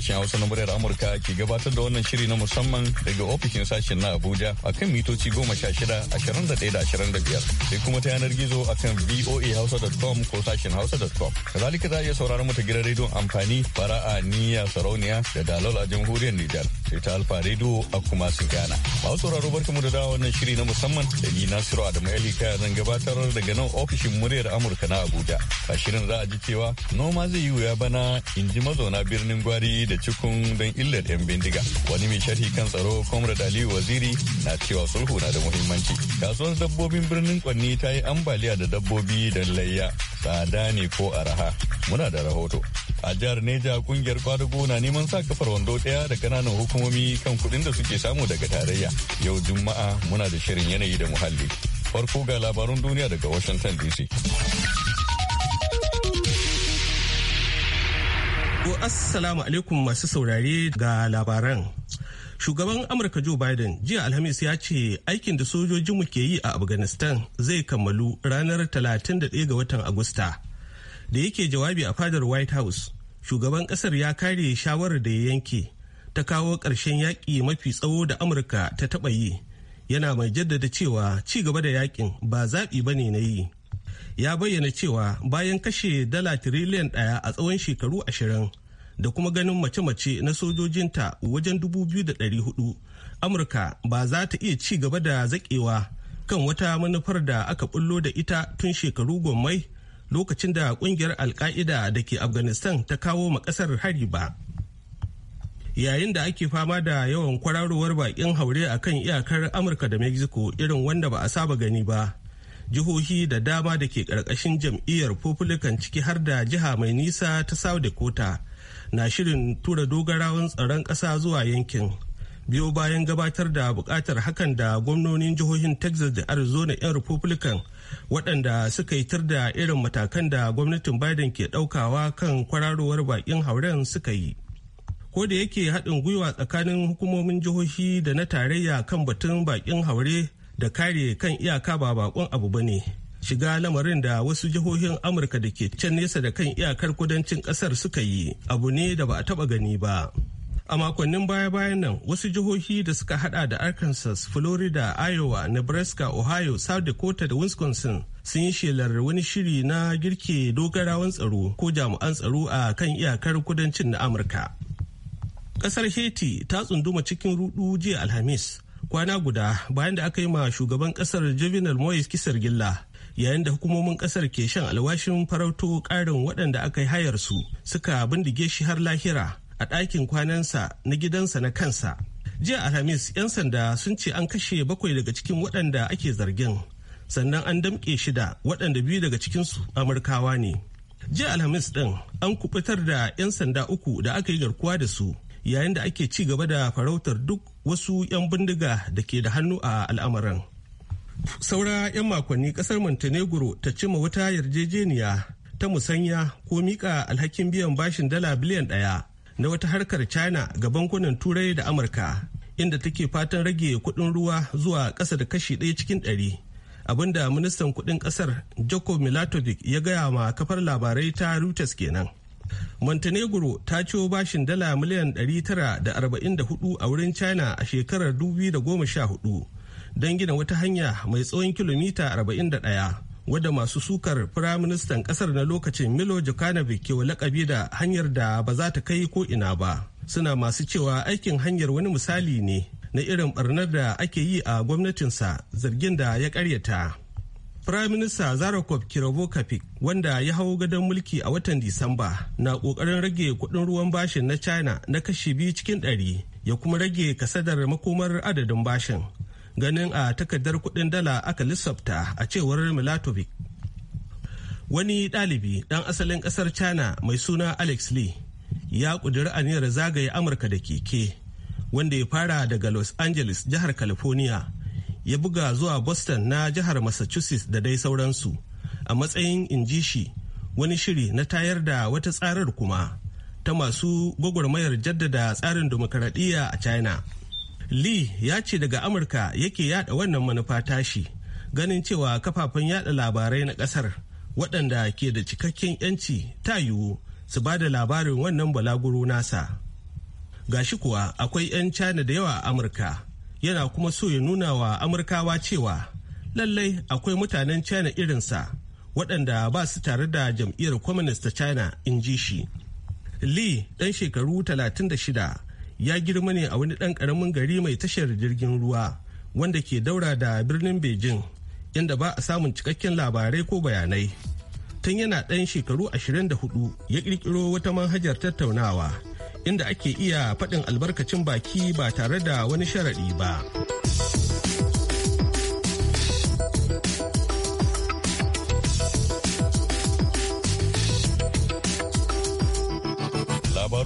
sashen Hausa na muryar Amurka ke gabatar da wannan shiri na musamman daga ofishin sashen na Abuja akan mitoci goma sha shida ashirin da ɗaya da ashirin da biyar sai kuma ta yanar gizo akan voahausa.com ko sashen hausa.com. Kazalika za a iya sauraron mu ta gidan rediyon amfani fara'a niyya sarauniya da dalol a jamhuriyar Nijar sai ta alfa rediyo a kuma su gana. Ba sauraro barka mu da dawo wannan shiri na musamman da ni Nasiru Adamu Elika zan gabatar daga nan ofishin muryar Amurka na Abuja. A shirin za a ji cewa noma zai yi wuya bana in ji mazauna birnin Gwari da cikin don illar 'yan bindiga wani mai sharhi kan tsaro comrade aliyu waziri na cewa sulhu na da muhimmanci kasuwar dabbobin birnin kwanni ta yi ambaliya da dabbobi da layya tsada ne ko araha muna da rahoto a jihar neja kungiyar kwadago na neman sa kafar wando daya da kananan hukumomi kan kuɗin da suke samu daga tarayya yau juma'a muna da shirin yanayi da muhalli farko ga labarun duniya daga washington dc assalamu alaikum masu saurare ga labaran. Shugaban Amurka Joe Biden jiya Alhamis ya ce aikin da sojojinmu ke yi a Afghanistan zai kammalu ranar 31 ga watan Agusta. Da yake jawabi a fadar White House, shugaban kasar ya kare shawarar da ya yanke ta kawo ƙarshen yaƙi mafi tsawo da Amurka ta taɓa yi. Yana mai jaddada cewa ci gaba da yaƙin ba zaɓi ba ne na yi. ya bayyana cewa bayan kashe dala tiriliyan ɗaya a tsawon shekaru ashirin da kuma ganin mace-mace na sojojinta wajen 2,400 amurka ba za ta iya ci gaba da zaƙewa kan wata manufar da aka bullo da ita tun shekaru gwammai lokacin da kungiyar alka'ida da ke afghanistan ta kawo makasar hari ba yayin da ake fama da yawan kwararowar bakin haure a kan iyakar amurka da mexico irin wanda ba a saba gani ba jihohi da dama da ke karkashin jam'iyyar republican ciki har da jiha mai nisa ta south dakota na shirin tura dogarawan tsaron ƙasa zuwa yankin biyo bayan gabatar da buƙatar hakan da gwamnonin jihohin texas da arizona 'yan republican waɗanda suka yi tar da irin matakan da gwamnatin biden ke ɗaukawa kan kwararowar baƙin hauren suka yi ko da yake haɗin gwiwa tsakanin hukumomin jihohi da na tarayya kan batun baƙin haure da kare kan iyaka ba baƙon abu ba ne shiga lamarin da wasu jihohin amurka da ke can nesa da kan iyakar kudancin kasar suka yi abu ne da ba a taba gani ba a makonnin baya-bayan nan wasu jihohi da suka hada da arkansas florida iowa nebraska ohio south dakota da wisconsin sun yi shelar wani shiri na girke dogarawan tsaro ko jami'an tsaro a kan iyakar kudancin na amurka kasar haiti ta tsunduma cikin rudu jiya alhamis kwana guda bayan da aka yi ma shugaban kasar juvenal moise kisar gilla yayin da hukumomin kasar ke shan alwashin farauto karin waɗanda aka yi hayar su suka bindige shi har lahira a ɗakin kwanansa na gidansa na kansa jiya alhamis 'yan sanda sun ce an kashe bakwai daga cikin waɗanda ake zargin sannan an damƙe shida waɗanda biyu daga cikinsu amurkawa ne jiya alhamis ɗin an kubutar da 'yan sanda uku da aka yi garkuwa da su yayin da ake ci gaba da farautar duk wasu 'yan bindiga da ke da hannu a al'amarin saura 'yan makonni kasar montenegro ta cima wata yarjejeniya ta musanya ko mika alhakin biyan bashin dala biliyan daya na wata harkar china ga bankunan turai da amurka inda take fatan rage kudin ruwa zuwa kasa da kashi ɗaya cikin ɗari abinda ministan kudin kasar jacob milatovic ya gaya ma kafar labarai ta reuters kenan montenegro ta ciwo bashin dala miliyan 944 a wurin china a shekarar 2014 don gina wata hanya mai tsawon kilomita 41 wadda masu sukar firaministan kasar na lokacin milo jokanovic ke lakabi da hanyar da ba za ta kai ko ina ba suna masu cewa aikin hanyar wani misali ne na irin barnar da ake yi a gwamnatinsa zargin da ya karyata firaminista zarakov kirovokapik wanda ya hau gadon mulki a watan disamba na kokarin rage kudin ruwan bashin na china na kashi biyu cikin ɗari ya kuma rage kasadar makomar adadin bashin ganin a takardar kuɗin dala aka lissafta a cewar milatovic wani ɗalibi ɗan asalin ƙasar china mai suna alex lee ya ƙudiri aniyar zagaye amurka da keke wanda ya fara daga los angeles jihar california ya buga zuwa boston na jihar massachusetts da dai sauransu a matsayin inji shi wani shiri na tayar da wata tsarar kuma ta masu gwagwarmayar jaddada tsarin dimokuraɗiyya a china lee ya ce daga amurka yake yada wannan manufa tashi ganin cewa kafafen yada labarai na kasar waɗanda ke da cikakken 'yanci ta yiwu su ba da labarin wannan balaguro nasa gashi kuwa akwai 'yan china da yawa a amurka yana kuma so ya nuna wa amurkawa cewa lallai akwai mutanen china irinsa waɗanda ba su tare da jam'iyyar communist ta china in ji shi lee ɗan shekaru 36 ya girma ne a wani ɗan ƙaramin gari mai tashar jirgin ruwa wanda ke daura da birnin beijing inda ba a samun cikakken labarai ko bayanai tun yana ɗan shekaru 24 ya ƙirƙiro wata manhajar tattaunawa inda ake iya faɗin albarkacin baki ba tare da wani sharaɗi ba.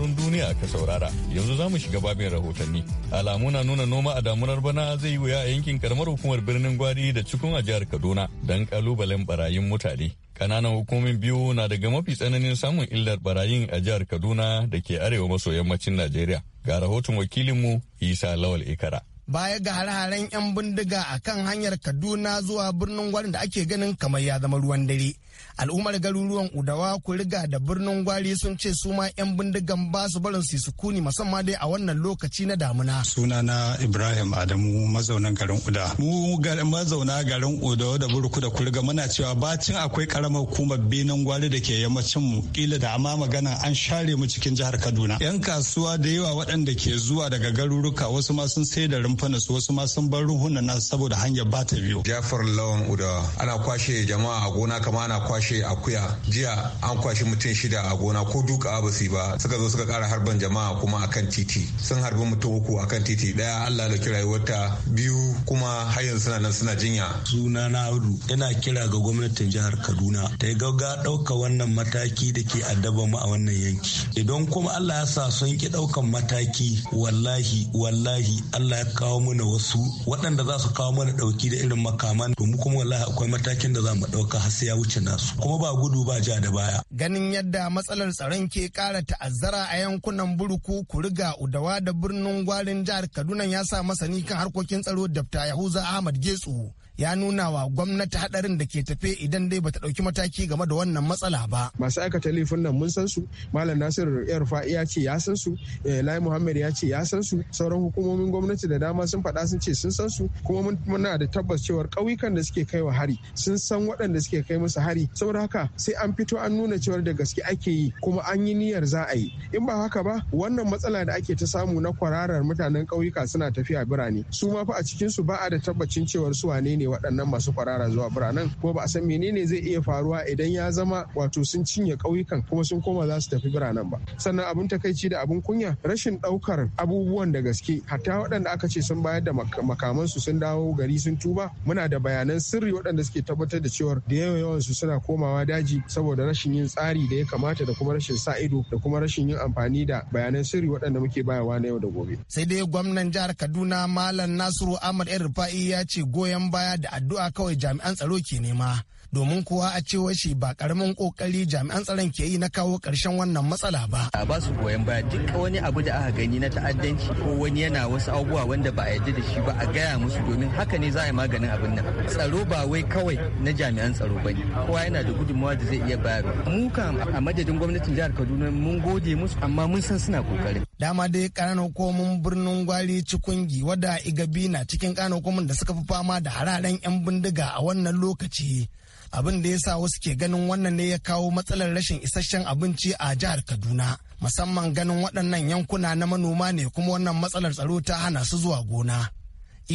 labarun duniya ka saurara. Yanzu za mu shiga babin rahotanni. Alamu na nuna noma a damunar bana zai yi wuya a yankin karamar hukumar birnin Gwari da cikin a jihar Kaduna don kalubalen barayin mutane. Kananan hukumin biyu na daga mafi tsananin samun illar barayin a jihar Kaduna da ke arewa maso yammacin Najeriya. Ga rahoton wakilinmu Isa Lawal Ikara. baya ga hare-haren 'yan bindiga a kan hanyar kaduna zuwa birnin gwari da ake ganin kamar ya zama ruwan dare al'ummar garuruwan udawa kuriga da birnin gwari sun ce su ma 'yan bindigan ba su barin su sukuni musamman dai a wannan lokaci na damuna sunana ibrahim adamu mazaunan garin uda mu mazauna garin uda da burku da kuriga muna cewa bacin akwai karamar hukumar benin gwari da ke yammacin mu kila da amma magana an share mu cikin jihar kaduna 'yan kasuwa da yawa waɗanda ke zuwa daga garuruka wasu ma sun sai da kamfanin su wasu ma sun bar ruhunan nasu saboda hanyar ba ta biyu. Jafar Lawan Uda ana kwashe jama'a a gona kama ana kwashe akuya jiya an kwashe mutum shida a gona ko duka ba su ba suka zo suka kara harban jama'a kuma akan titi sun harbi mutum uku akan titi daya Allah da kira wata biyu kuma hayan suna nan suna jinya. Suna na Audu yana kira ga gwamnatin jihar Kaduna ta yi gauga ɗauka wannan mataki da ke addaba mu a wannan yanki. Idan kuma Allah ya sa sun ki ɗaukan mataki wallahi wallahi Allah ya kawo mana wasu waɗanda za su kawo mana ɗauki da irin makaman to mu kuma wallahi akwai matakin da za mu ɗauka har sai ya wuce nasu kuma ba gudu ba ja da baya. Ganin yadda matsalar tsaron ke ƙara ta'azzara a yankunan Buruku, Kuriga, Udawa da birnin Gwarin jihar Kaduna ya sa masani kan harkokin tsaro Dr. Yahuza Ahmad Getsu ya nuna wa gwamnati hadarin da ke tafe idan dai bata dauki mataki game da wannan matsala ba masu aikata laifin nan mun san su malam nasir yarfa ya ce ya san su eh, lai muhammad ya ce ya san su sauran hukumomin gwamnati da dama sun faɗa sun ce sun san su kuma muna da tabbas cewar ƙauyukan da suke kaiwa hari sun san waɗanda suke kai musu hari saboda haka sai an fito an nuna cewar da gaske ake yi kuma an yi niyyar za a yi in ba haka ba wannan matsala da ake ta samu na kwararar mutanen ƙauyuka suna tafiya birane su ma fa a cikin su ba a da tabbacin cewar su wane ne ne waɗannan masu kwarara zuwa biranen ko ba a san menene zai iya faruwa idan ya zama wato sun cinye ƙauyukan kuma sun koma za su tafi biranen ba sannan abin takaici da abin kunya rashin ɗaukar abubuwan da gaske hatta waɗanda aka ce sun bayar da makamansu sun dawo gari sun tuba muna da bayanan sirri waɗanda suke tabbatar da cewa da yawan yawansu suna komawa daji saboda rashin yin tsari da ya kamata da kuma rashin sa ido da kuma rashin yin amfani da bayanan sirri waɗanda muke bayarwa na yau da gobe. sai dai gwamnan jihar kaduna malam nasiru ahmad yan rufa'i ya ce goyon baya da addu'a kawai jami'an tsaro ke nema domin kowa a cewa shi ba karamin kokari jami'an tsaron ke yi na kawo karshen wannan matsala ba. A ba su goyon baya duk wani abu da aka gani na ta'addanci ko wani yana wasu abubuwa wanda ba a yarda da shi ba a gaya musu domin haka ne za a yi maganin abin nan. Tsaro ba wai kawai na jami'an tsaro ba ne. Kowa yana da gudunmawa da zai iya bayarwa. Mu kam a madadin gwamnatin jihar Kaduna mun gode musu amma mun san suna kokarin. Dama dai ƙananan komun birnin Gwari Cikungi wadda Igabi na cikin ƙananan komun da suka fi fama da hararen 'yan bindiga a wannan lokaci. abin da ya sa wasu ke ganin wannan ne ya kawo matsalar rashin isasshen abinci a jihar kaduna musamman ganin waɗannan yankuna na manoma ne kuma wannan matsalar tsaro ta hana su zuwa gona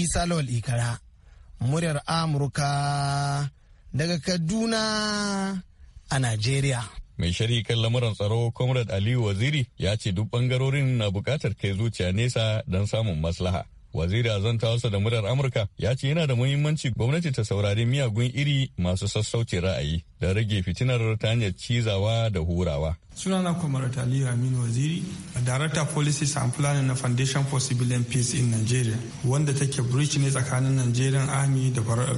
isa lawal ikara muryar amurka daga kaduna a najeriya mai shari lamuran tsaro comrade aliyu waziri ya ce duk bangarorin na bukatar kai zuciya nesa don samun maslaha waziri azanta wasa da murar amurka ya ce yana da muhimmanci gwamnati ta saurari miyagun iri masu sassauci ra'ayi da rage fitinar ta hanyar cizawa da hurawa sunana kwamar taliyu aminu waziri a director policies and planning na foundation for civilian peace in nigeria wanda take bridge ne tsakanin nigerian army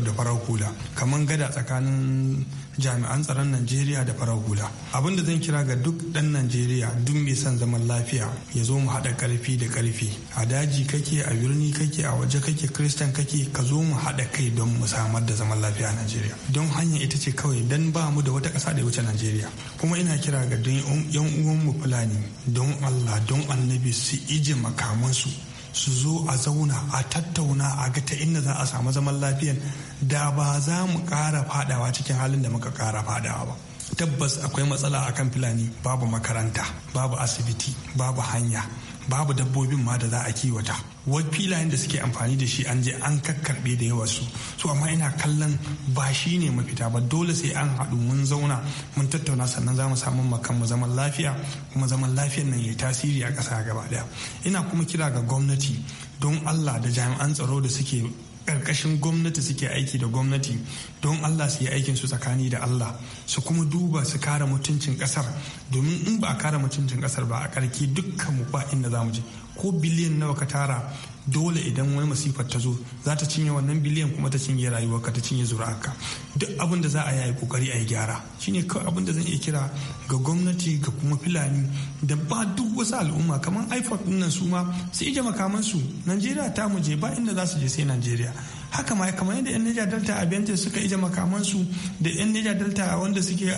da farar hula kamar gada tsakanin jami'an tsaron najeriya da farar hula abin da zan kira ga duk ɗan najeriya duk mai son zaman lafiya ya zo mu haɗa ƙarfi da ƙarfi a daji kake a birni kake a waje kake kristan kake ka zo mu haɗa kai don mu samar da zaman lafiya a najeriya don hanya ita ce kawai don ba mu da wata ƙasa da wuce najeriya kuma ina kira ga don yan uwanmu fulani don allah don annabi su ije makamansu su zo a zauna a tattauna a ga ta inda za a samu zaman lafiyan da ba za mu ƙara fadawa cikin halin da muka ƙara fadawa ba tabbas akwai matsala a kan fulani babu makaranta babu asibiti babu hanya babu dabbobin ma da za a kiwata wai filayen da suke amfani da shi an je an kakkarbe da yawa su su amma ina kallon ba shi ne mafita ba dole sai an haɗu mun zauna mun tattauna sannan za mu samu makan mu zaman lafiya kuma zaman lafiyan nan ya tasiri a ƙasa gaba ɗaya ina kuma kira ga gwamnati don allah da jami'an tsaro da suke ƙarƙashin gwamnati suke aiki da gwamnati don Allah su yi aikin su tsakani da Allah su kuma duba su kara mutuncin ƙasar domin in ba a kara mutuncin ƙasar ba a ƙarki dukkan mu ba inda za mu je ko biliyan nawa ka tara dole idan wani masifar ta zo za ta cinye wannan biliyan kuma ta cinye rayuwa ka ta cinye zuri'arka duk abin da za a yi kokari a yi gyara shine kawai abin da zan iya kira ga gwamnati ga kuma filani da ba duk wasu al'umma kamar ipod nan su ma su ije makamansu najeriya ta muje ba inda za su je sai najeriya haka ma kamar yadda yan Niger Delta a suka ije makamansu da yan Niger Delta wanda suke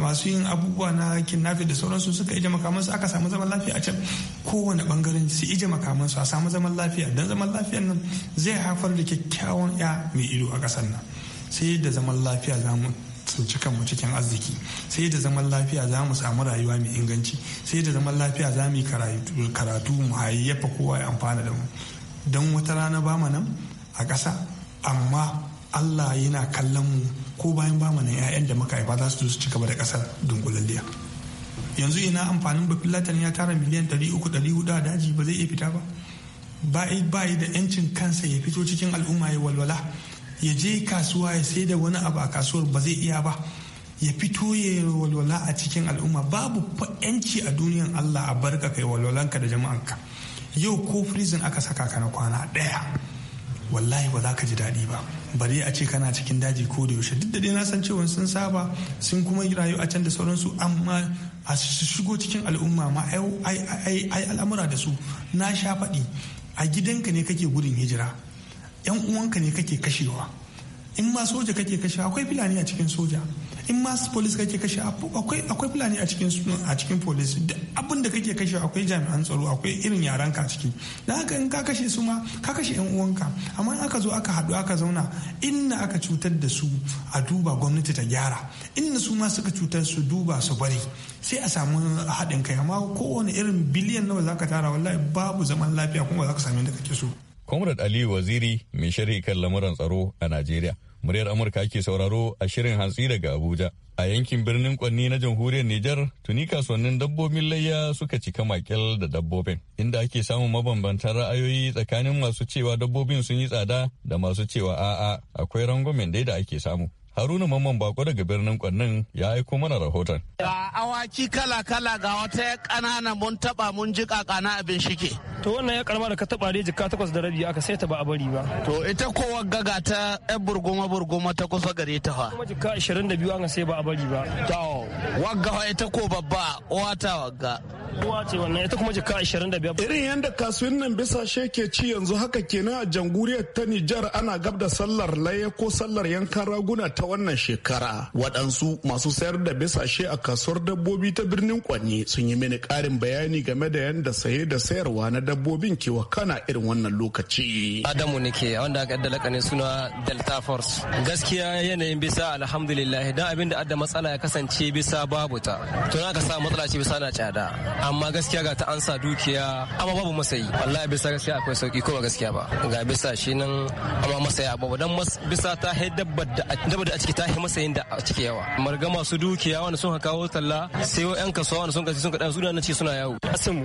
masu yin abubuwa na kidnapping da sauransu suka ije makamansu aka samu zaman lafiya a can kowane bangaren su ije makamansu a samu zaman lafiya don zaman lafiyan nan zai haifar da kyakkyawan ya mai ido a kasar nan sai da zaman lafiya za mu tsinci kanmu cikin arziki sai da zaman lafiya za mu samu rayuwa mai inganci sai da zaman lafiya za mu yi karatu mu hayayyafa kowa ya amfana da mu don wata rana ba mu nan a ƙasa amma Allah yana kallon mu ko bayan bamu na 'ya'yan da muka haifa za su su ci gaba da ƙasar dunkulalliya yanzu ina amfanin bafilatan ya tara miliyan 300 a daji ba zai iya fita ba ba yi da yancin kansa ya fito cikin al'umma ya walwala ya je kasuwa ya sai da wani abu a kasuwar ba zai iya ba ya fito ya walwala a cikin al'umma babu yanci a duniyan Allah a barka kai walwalanka da jama'anka yau ko prison aka saka ka na kwana ɗaya wallahi ba za ka ji daɗi ba Bari a ce kana cikin daji ko da yaushe duk da dai na san cewa sun saba sun kuma rayu a can da sauransu amma a shigo cikin al'umma ma ai al'amura da su na sha faɗi a gidanka ne kake gudun hijira yan uwanka ne kake kashewa in ma soja kake kashewa akwai filani a cikin soja in masu police kake kashe akwai fulani a cikin a cikin police abin da kake kashe akwai jami'an tsaro akwai irin yaran ka ciki dan haka in ka kashe su ma ka kashe yan uwanka amma in aka zo aka haɗu aka zauna inna aka cutar da su a duba gwamnati ta gyara inna su ma suka cutar su duba su bari sai a samu haɗin kai amma kowane irin biliyan nawa zaka tara wallahi babu zaman lafiya kuma za ka same da kake so. Comrade Ali Waziri mai shari'a kan lamuran tsaro a Najeriya. muryar amurka ake sauraro a shirin hantsi daga abuja a yankin birnin kwanni na jamhuriyar nijar tuni kasuwannin dabbobin layya suka cika makil da dabbobin inda ake samun mabambantan ra'ayoyi tsakanin masu cewa dabbobin sun yi tsada da masu cewa a'a akwai rangwamen dai da ake samu Haruna Mamman Bako daga birnin Kwannin ya aiko mana rahoton. Ga awaki kala-kala ga wata ya ƙanana mun taɓa mun ji kakana abin shike. To wannan ya karama da ka taɓa ne jika takwas da rabi aka sai ta ba a bari ba. To ita ko gaga ta ƴan burguma burguma ta kusa gare ta fa. Kuma jika ashirin da biyu aka sai ba a bari ba. To wagga ita ko babba wata wagga. kuma irin yadda nan bisashe ke ci yanzu haka kenan a jamhuriyar ta Nijar ana gab da sallar laye ko sallar yankan raguna ta wannan shekara waɗansu masu sayar da bisashe a kasuwar dabbobi ta birnin Kwanye sun yi mini ƙarin bayani game da yadda saye da sayarwa na dabbobin ke kana irin wannan lokaci Adamu nake wanda aka yadda suna Delta Force gaskiya yanayin bisa alhamdulillah don abin da adda matsala ya kasance bisa babu ta to na ka sa matsala ce bisa na tsada amma gaskiya ga ta an sa dukiya amma babu masayi wallahi bisa gaskiya akwai sauki ko ba gaskiya ba ga bisa shi nan amma masaya babu dan bisa ta hai dabbar da dabbar da a ciki ta hai masayin da a ciki yawa marga masu dukiya wanda sun kawo talla sai wa yan kasuwa wanda sun kaji sun kaɗa su da ce suna yawo asimu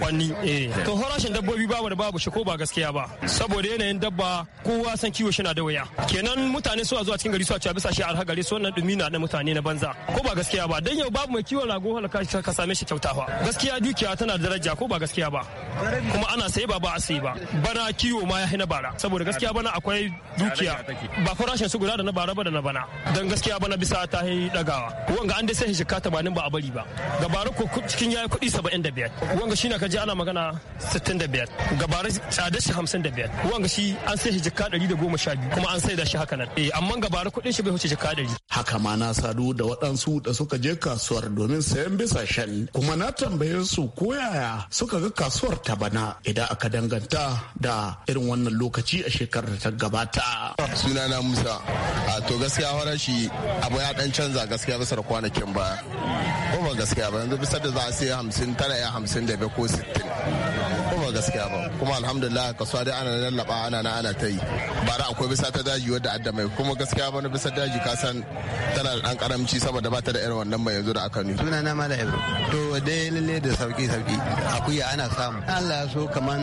kwanni eh to horashin dabbobi babu da babu shi ko ba gaskiya ba saboda yanayin dabba kowa san kiwo shi na da waya kenan mutane suna zuwa cikin gari suna cewa bisa shi a arha gari su wannan dumi na mutane na banza ko ba gaskiya ba dan yau babu mai kiwon rago halaka ka same shi kyautawa gaskiya dukiya tana daraja ko ba gaskiya ba kuma ana sai ba ba a sai ba bana kiwo ma ya hina bara saboda gaskiya bana akwai dukiya ba farashin su guda da na bara ba da na bana dan gaskiya bana bisa ta yi dagawa wanga an dai sai shika 80 ba a bari ba gabara ko cikin yayi kudi 75 wanga shine kaje ana magana 65 gabara tsada shi 55 wanga shi an sai shika 112 kuma an sai da shi haka nan eh amma gabara kudin shi bai huce shika 100 haka ma na sadu da waɗansu da suka je kasuwar domin sayan bisashen kuma na tambaye su ko yaya suka ga kasuwar ta bana idan aka danganta da irin wannan lokaci a shekarar da ta gabata. na Musa, a to gaskiya farashi abu ya dan canza gaskiya bisa da kwanakin baya. Ko ba gaskiya ba yanzu bisa da za a sai hamsin tara ya hamsin da ko sittin. ba gaskiya ba kuma alhamdulillah kasuwa dai ana lallaba ana na ana ta yi bara akwai bisa ta daji wadda adda mai kuma gaskiya na bisa daji ka san tana da dan karamci saboda ba ta da irin wannan mai yanzu da aka nuna suna na mala ibro to dai lalle da sauki sauki akuya ana samu Allah ya so kaman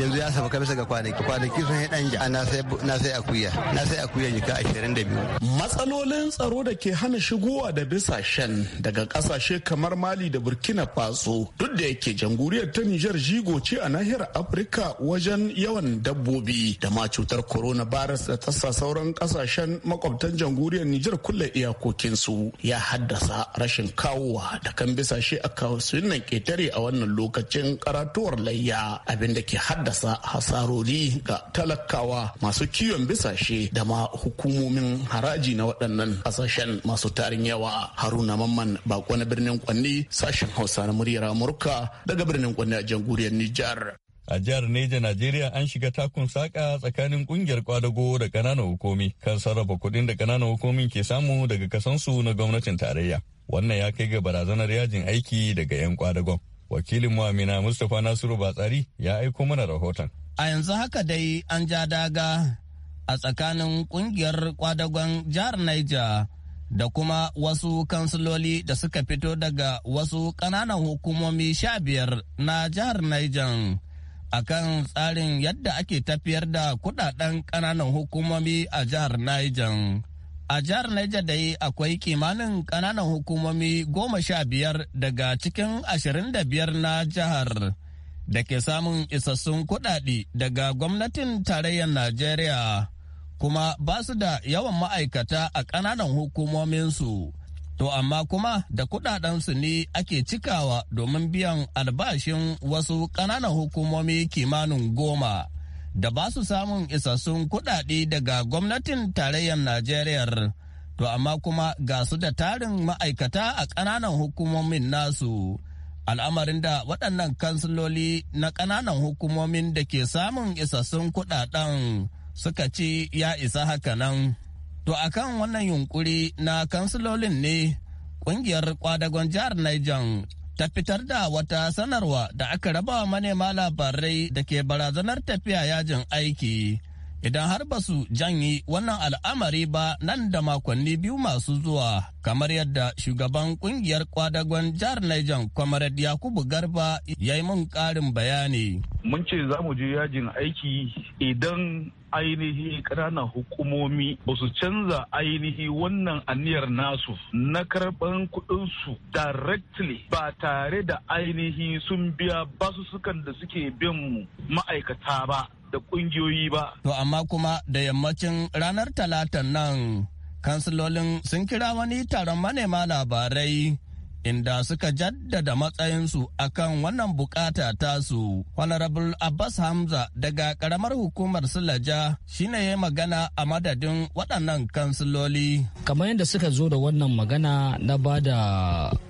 yanzu ya saba bisa ga kwanaki kwanaki sun yi dan ja na sai na sai akuya na sai akuya jika 22 matsalolin tsaro da ke hana shigowa da bisa shan daga kasashe kamar Mali da Burkina Faso duk da yake jamhuriyar ta Niger jigo ce a nahiyar afirka wajen yawan dabbobi da ma cutar corona coronavirus da tasa sauran kasashen makwabtan jamhuriyar nijar kulle iyakokinsu ya haddasa rashin kawowa da kan bisa shi a sunan ketare a wannan lokacin karatuwar layya abinda ke haddasa hasarori ga talakawa masu kiwon bisashe da ma hukumomin haraji na waɗannan kasashen masu tarin yawa haruna mamman bako na birnin kwanni sashen hausa na muryar amurka daga birnin kwanni a jamhuriyar nijar a jihar neja najeriya an shiga takun saka tsakanin kungiyar kwadago da kananan hukumi kan sarrafa kuɗin da kananan hukumin ke samu daga kasansu na gwamnatin tarayya wannan ya kai ga barazanar yajin aiki daga 'yan kwadagon wakilin muamina mustapha nasiru batsari ya aiko mana rahoton a yanzu haka dai an ja daga a tsakanin kungiyar kwadagon jihar Niger da kuma wasu kansiloli da suka fito daga wasu ƙananan hukumomi sha biyar na jihar Niger akan tsarin yadda ake tafiyar da kudaden ƙananan hukumomi a jihar Niger. A jihar Niger dai akwai kimanin ƙananan hukumomi goma sha biyar daga cikin ashirin da biyar na jihar da ke samun isassun kudade daga gwamnatin tarayyar Najeriya kuma ba su da yawan ma'aikata a ƙananan hukumominsu. To amma kuma da kudadensu ne ake cikawa domin biyan albashin wasu ƙananan hukumomi kimanin goma da ba su samun isassun kudade daga gwamnatin tarayyar Najeriya. To amma kuma ga su da tarin ma'aikata a ƙananan hukumomin nasu. Al'amarin da waɗannan kansiloli na ƙananan hukumomin da ke samun isassun kudaden suka ce ya isa haka nan. To a kan wannan yunkuri na kansilolin ne kungiyar kwadagon jihar Niger ta fitar da wata sanarwa da aka rabawa manema labarai da ke barazanar tafiya yajin aiki. idan har ba su janye wannan al'amari ba nan da makonni biyu masu zuwa kamar yadda shugaban kungiyar kwadagon jihar Niger Comrade Yakubu Garba ya yi mun karin bayani. Mun ce za mu je yajin aiki idan ainihi ƙananan hukumomi ba su canza ainihi wannan aniyar nasu na karɓan kuɗinsu directly ba tare da ainihi sun biya basussukan da suke bin ma'aikata ba. da kungiyoyi ba. To amma kuma da yammacin ranar talatan nan kansilolin sun kira wani taron manema labarai inda suka jaddada matsayinsu akan wannan bukata tasu. Honorable Abbas Hamza daga karamar hukumar Sulaja shine ya magana a madadin waɗannan kansiloli. Kamar yadda suka zo da wannan magana na ba da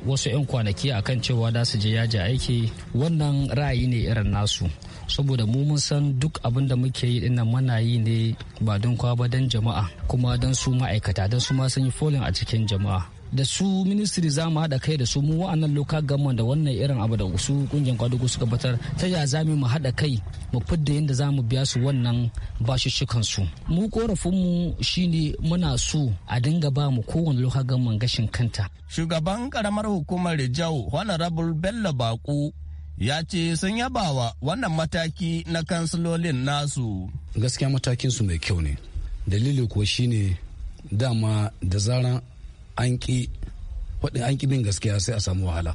wasu 'yan kwanaki akan cewa da su je yaji aiki wannan ra'ayi ne irin nasu. saboda mu mun san duk abin da muke yi dinnan muna yi ne ba don kwa ba don jama'a kuma don su ma'aikata don su ma sun yi folin a cikin jama'a da su ministry za mu haɗa kai da su mu wa'annan local government da wannan irin abu da su kungiyar kwadugo suka batar ta ya za mu haɗa kai mu fidda yadda za mu biya su wannan bashishshukan su mu korafin mu shine muna so a dinga ba mu kowane local government gashin kanta shugaban karamar hukumar Rijau Honorable Bello Baku ya ce sun yabawa wannan mataki na kansilolin nasu gaskiya matakin su mai kyau ne dalili kuwa shine dama da zaran an ki bin gaskiya sai a samu wahala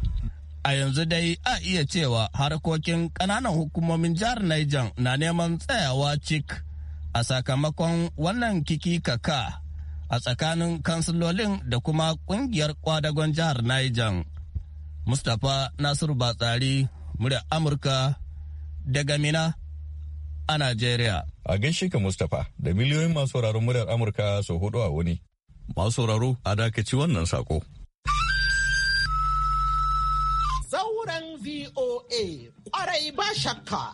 a yanzu dai a iya cewa harkokin ƙananan hukumomin jihar Niger na neman tsayawa cik a sakamakon wannan kiki kaka a tsakanin kansilolin da kuma ƙungiyar kwadagon jihar Niger. Mustapha Nasiru Batsari, murya Amurka daga Mina a Najeriya. A gaishe ka Mustapha da miliyoyin masu wuraren muryar Amurka sau hudu a wuni Masu sauraro a dakaci wannan sako. Zauren VOA, ƙwarai ba shakka.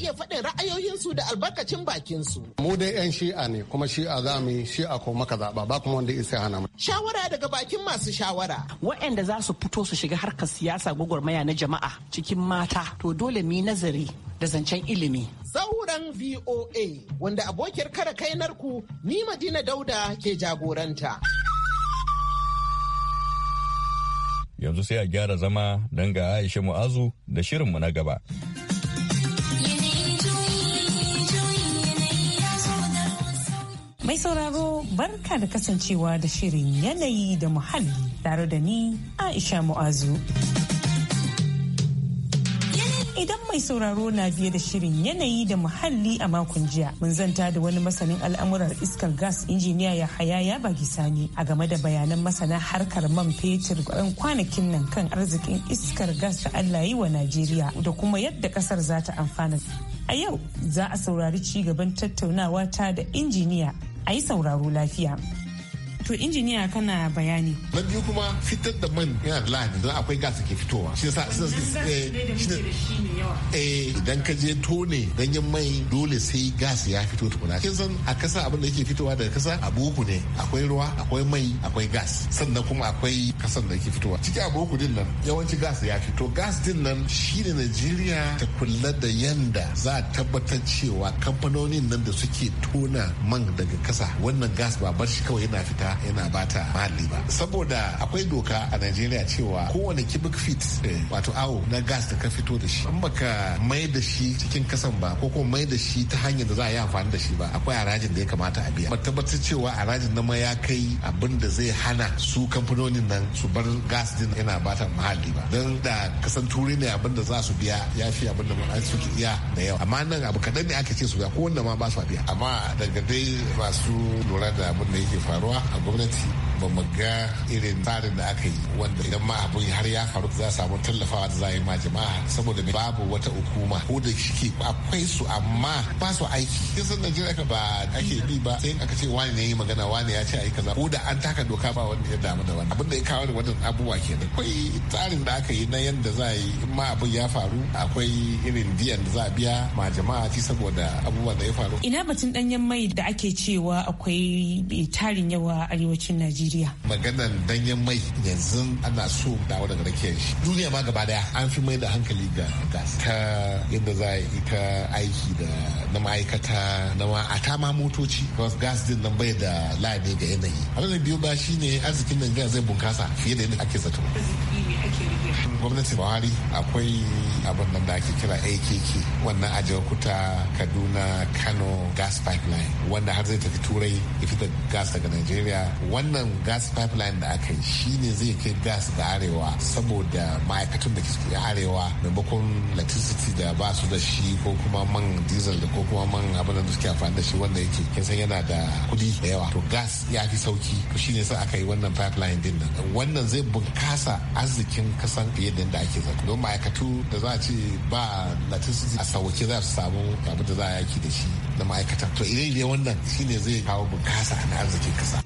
iya faɗin ra'ayoyinsu da albarkacin bakinsu. Mu dai 'yan shi'a ne kuma shi'a za mu yi shi'a ko maka zaɓa ba kuma wanda isa hana mu. Shawara daga bakin masu shawara. Waɗanda za su fito su shiga harkar siyasa gwagwarmaya na jama'a cikin mata to dole mu nazari da zancen ilimi. sauran VOA wanda abokiyar kare kainarku ni Madina Dauda ke jagoranta. Yanzu sai a gyara zama don ga Aisha Mu'azu da shirinmu na gaba. Mai sauraro barka da kasancewa da shirin yanayi da muhalli tare da ni Aisha Mu'azu. idan mai sauraro na biye da shirin yanayi da muhalli a makon jiya mun zanta da wani masanin alamurar iskar gas injiniya ya haya ya bagi sani a game da bayanan masana harkar man fetur ɗan kwanakin nan kan arzikin iskar gas da allah yi wa najeriya da kuma yadda ƙasar za ta amfana a yau za a saurari ci gaban tattaunawa ta da injiniya a yi sauraro lafiya. to injiniya kana bayani na biyu kuma fitar da man yana da lahani don akwai gas ke fitowa shi yasa eh, eh idan ka je tone ganyen mai dole sai gas ya fito tukuna kin san a kasa abin da yake fitowa daga kasa a boku ne akwai ruwa akwai mai akwai gas sannan kuma akwai kasan da yake fitowa ciki a boku din nan yawanci gas ya fito gas din nan shine Najeriya ta kula da yanda za a tabbatar cewa kamfanonin nan da suke tona man daga kasa wannan gas ba bar shi kawai yana fita ba yana bata ba saboda akwai doka a Najeriya cewa kowane cubic feet eh, wato awo na gas da ka fito da shi an baka mai da shi cikin kasan ba ko kuma mai da shi ta hanyar da za a yi amfani da shi ba akwai harajin da ya kamata a biya ba tabbatar cewa harajin na ma ya kai abin da zai hana su kamfanonin nan su bar gas din yana bata mahalli ba don da kasan turai ne abin da za su biya ya fi abin da suke iya da yawa amma nan abu kaɗan ne ake ce su biya ko wanda ma ba su biya amma daga dai masu lura da abin da yake faruwa 我们。ba mu ga irin tsarin da aka yi wanda idan ma abin har ya faru za a samu tallafawa da za a yi ma jama'a saboda babu wata hukuma ko da shike akwai su amma ba su aiki kisan najeriya ka ba ake bi ba sai aka ce wani ne yi magana wani ya ce a yi kaza ko da an taka doka ba wanda ya damu da wani abin da ya kawo da wannan abubuwa kenan akwai tsarin da aka yi na yadda za a yi in ma abin ya faru akwai irin biyan da za a biya ma jama'a ci saboda abubuwan da ya faru ina batun danyen mai da ake cewa akwai tarin yawa arewacin najeriya Najeriya. Maganar danyen mai yanzu ana so dawo daga rakiyar shi. Duniya ma gaba daya an fi mai da hankali ga gas ta yadda za a yi ta aiki da na ma'aikata na ta ma motoci. Because gas din nan bai da lami ga yanayi. a da biyu ba shi ne arzikin Najeriya zai bunkasa fiye da yadda ake zato. Gwamnati Buhari akwai abin nan da ake kira AKK wannan a kuta Kaduna Kano gas pipeline wanda har zai tafi turai ya fita gas daga Najeriya wannan gas pipeline da aka yi ne zai kai gas da arewa saboda ma'aikatan da ke arewa maimakon electricity da ba su da shi ko kuma man diesel da ko kuma man abin da suke amfani da shi wanda yake kin san yana da kudi da yawa to gas ya fi sauki to shi ne sa aka yi wannan pipeline din nan wannan zai bunkasa arzikin kasan fiye da yadda ake zato don ma'aikatu da za a ce ba electricity a sauke za su samu abin da za a yaki da shi na ma'aikatan to ire-ire wannan shi ne zai kawo bunkasa na arzikin kasa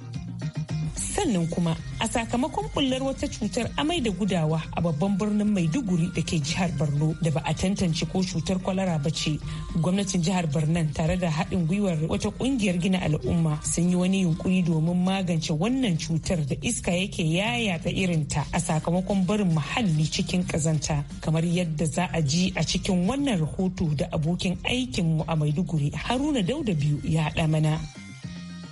sannan kuma a sakamakon bullar wata cutar amai da gudawa a babban birnin maiduguri da ke jihar borno da ba a tantance ko cutar kwalara ba ce gwamnatin jihar borno tare da haɗin gwiwar wata ƙungiyar gina al'umma sun yi wani yunkuri domin magance wannan cutar da iska yake irin ta a sakamakon barin muhalli cikin ƙazanta kamar yadda za a ji a cikin wannan rahoto da abokin aikinmu a maiduguri haruna dauda biyu ya haɗa mana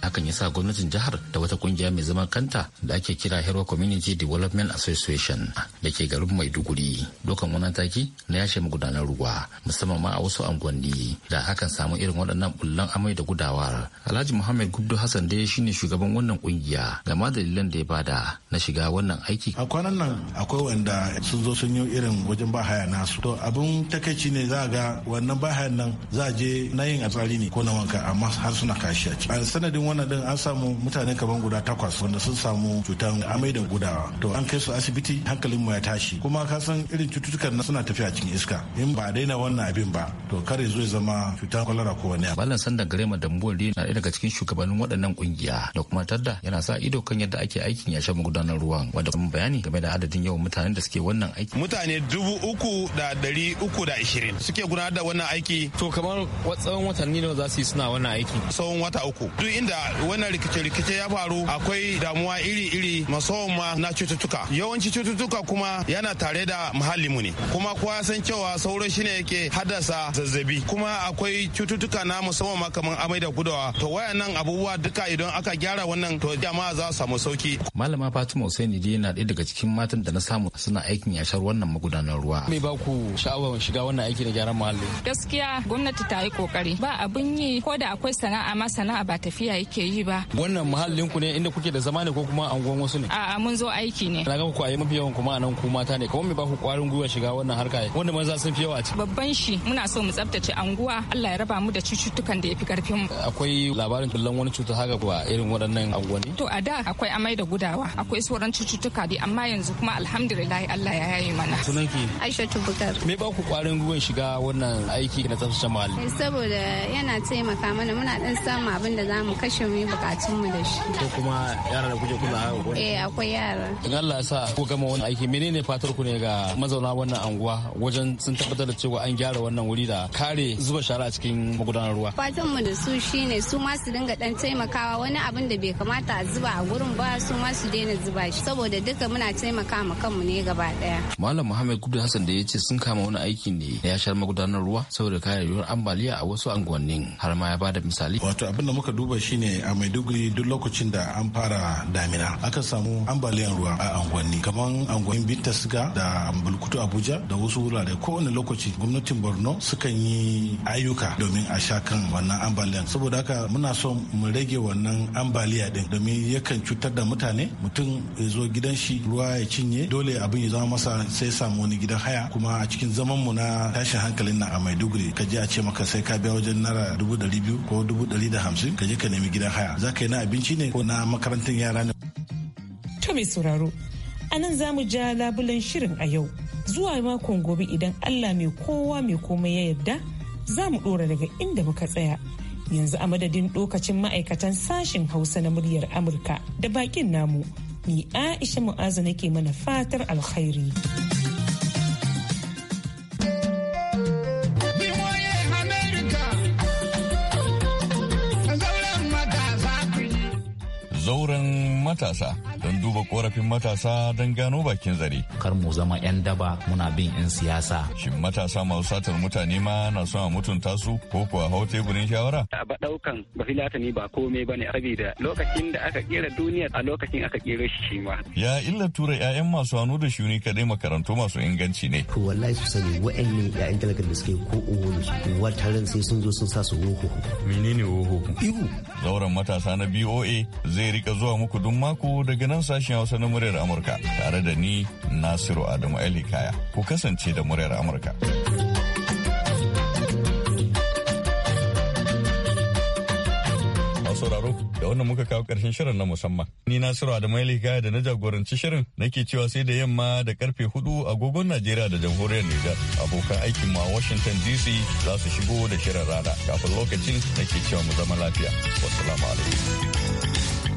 hakan ya sa gwamnatin jihar da wata kungiya mai zaman kanta da ake kira hero community development association da ke garin maiduguri dokan wannan taki na yashe magudanar ruwa musamman ma a wasu unguwanni da hakan samu irin waɗannan bullan amai da gudawar alhaji muhammad gubdu hassan dai shine shugaban wannan kungiya game dalilan da ya bada na shiga wannan aiki a kwanan nan akwai wanda sun zo sun yi irin wajen bahaya nasu to abin takaici ne za ga wannan bahayan nan za je na yin a tsari ne ko na wanka amma har suna kashi a ciki sanadin wannan din an samu mutane kaman guda takwas wanda sun samu cutar amai da gudawa to an kai su asibiti hankalin mu ya tashi kuma ka san irin cututtukan na suna tafiya cikin iska in ba a daina wannan abin ba to kare zo ya zama cutar kwalara ko wani abu. Malam Sanda Garema Dambori na ɗaya daga cikin shugabannin waɗannan kungiya da kuma tadda yana sa ido kan yadda ake aikin ya yashe magudanar ruwan wanda kuma bayani game da adadin yawan mutanen da suke wannan aiki. Mutane dubu uku da dari uku da ashirin suke gudanar da wannan aiki. To kamar tsawon watanni nawa za su yi suna wannan aiki. Tsawon wata uku. Duk inda wannan rikice-rikice ya faru akwai damuwa iri-iri musamman ma na cututtuka yawanci cututtuka kuma yana tare da mu ne kuma kowa ya san cewa sauro shine yake haddasa zazzabi kuma akwai cututtuka na musamman ma kamar amai da gudawa to wayannan abubuwa duka idan aka gyara wannan to jama'a za su samu sauki malama fatima husaini dai yana ɗaya daga cikin matan da na samu suna aikin yashar wannan magudanar ruwa me ba ku sha'awar shiga wannan aiki na gyaran muhalli gaskiya gwamnati ta yi kokari ba abun yi ko da akwai sana'a ma sana'a ba tafiya ke yi ba wannan muhallin ku ne inda kuke da zama ne ko kuma anguwan wasu ne a'a mun zo aiki ne na ga ku yi mafi yawan kuma anan ku mata ne kawai me ba ku kwarin gwiwa shiga wannan harka wanda maza sun fi yawa ci. babban shi muna so mu tsaftace anguwa Allah ya raba mu da cututtukan da ya fi karfin mu akwai labarin tullan wani cuta haka ba irin waɗannan anguwanni to a da akwai amai da gudawa akwai sauran cututtuka dai amma yanzu kuma alhamdulillah Allah ya yaye mana ki? Aisha Tubukar. me ba ku kwarin gwiwa shiga wannan aiki na tsaftace muhalli eh, saboda yana taimaka mana muna dan samun abin da mu kashe Shin mu yi bukatun mu da shi ko kuma yara da kuke kula eh akwai yara in Allah ya sa ku gama wannan aiki menene fatar ku ne ga mazauna wannan anguwa wajen sun tabbatar da cewa an gyara wannan wuri da kare zuba shara a cikin magudanar ruwa fatan mu da su shine su ma su dinga dan taimakawa wani abin da bai kamata a zuba a gurin ba su ma su daina zuba shi saboda duka muna taimaka ma kanmu ne gaba daya malam muhammad gudu hassan da ya ce sun kama wani aiki ne Ya shar magudanar ruwa saboda kare yiwuwar ambaliya a wasu anguwannin har ma ya bada misali wato abin da muka duba shine ne a maiduguri duk lokacin da an fara damina aka samu ambaliyan ruwa a angwanni kamar angwannin binta siga da bulkutu abuja da wasu wurare kowane lokaci gwamnatin borno sukan yi ayyuka domin a sha kan wannan ambaliyan saboda haka muna so mu rage wannan ambaliya din domin yakan cutar da mutane mutum ya zo gidan shi ruwa ya cinye dole abin ya zama masa sai samu wani gidan haya kuma a cikin zaman mu na tashin hankalin na a maiduguri ka je a ce maka sai ka biya wajen naira dubu ɗari biyu ko dubu ɗari da hamsin ka je ka nemi gidan haya za ka yi na abinci ne ko na makarantar yara ne. To mai sauraro a nan za mu ja labulen shirin a yau zuwa makon gobe idan Allah mai kowa mai komai ya yarda za mu ɗora daga inda muka tsaya. Yanzu a madadin lokacin ma'aikatan sashen Hausa na muryar Amurka da bakin namu, ni Aisha Mu'azu nake mana fatar alkhairi. matasa don duba korafin matasa don gano bakin zare. Kar mu zama 'yan daba muna bin 'yan siyasa. Shin matasa masu satar mutane ma na son a mutunta su ko kuwa hau teburin shawara? A ba ɗaukan ba filatani ba komai ba ne saboda lokacin da aka kera duniya a lokacin aka kera shi shi ma. Ya illa tura 'ya'yan masu hannu da shuni kadai makarantu masu inganci ne. To wallahi su sani wa'annan 'ya'yan talaka da suke ko owo su wataran sai sun zo sun sa su wuhu. Menene wuhu? Ihu. Zauren matasa na BOA zai rika zuwa muku duk mako daga nan sauran sashen Hausa na muryar Amurka tare da ni Nasiru Adamu Ali Kaya. Ku kasance da muryar Amurka. sauraro da wannan muka kawo karshen shirin na musamman. Ni Nasiru Adamu Ali Kaya da na jagoranci shirin nake cewa sai da yamma da karfe hudu agogon Najeriya da jamhuriyar Nijar abokan aikin ma Washington DC za su shigo da shirin rana kafin lokacin nake cewa mu zama lafiya. Wassalamu alaikum.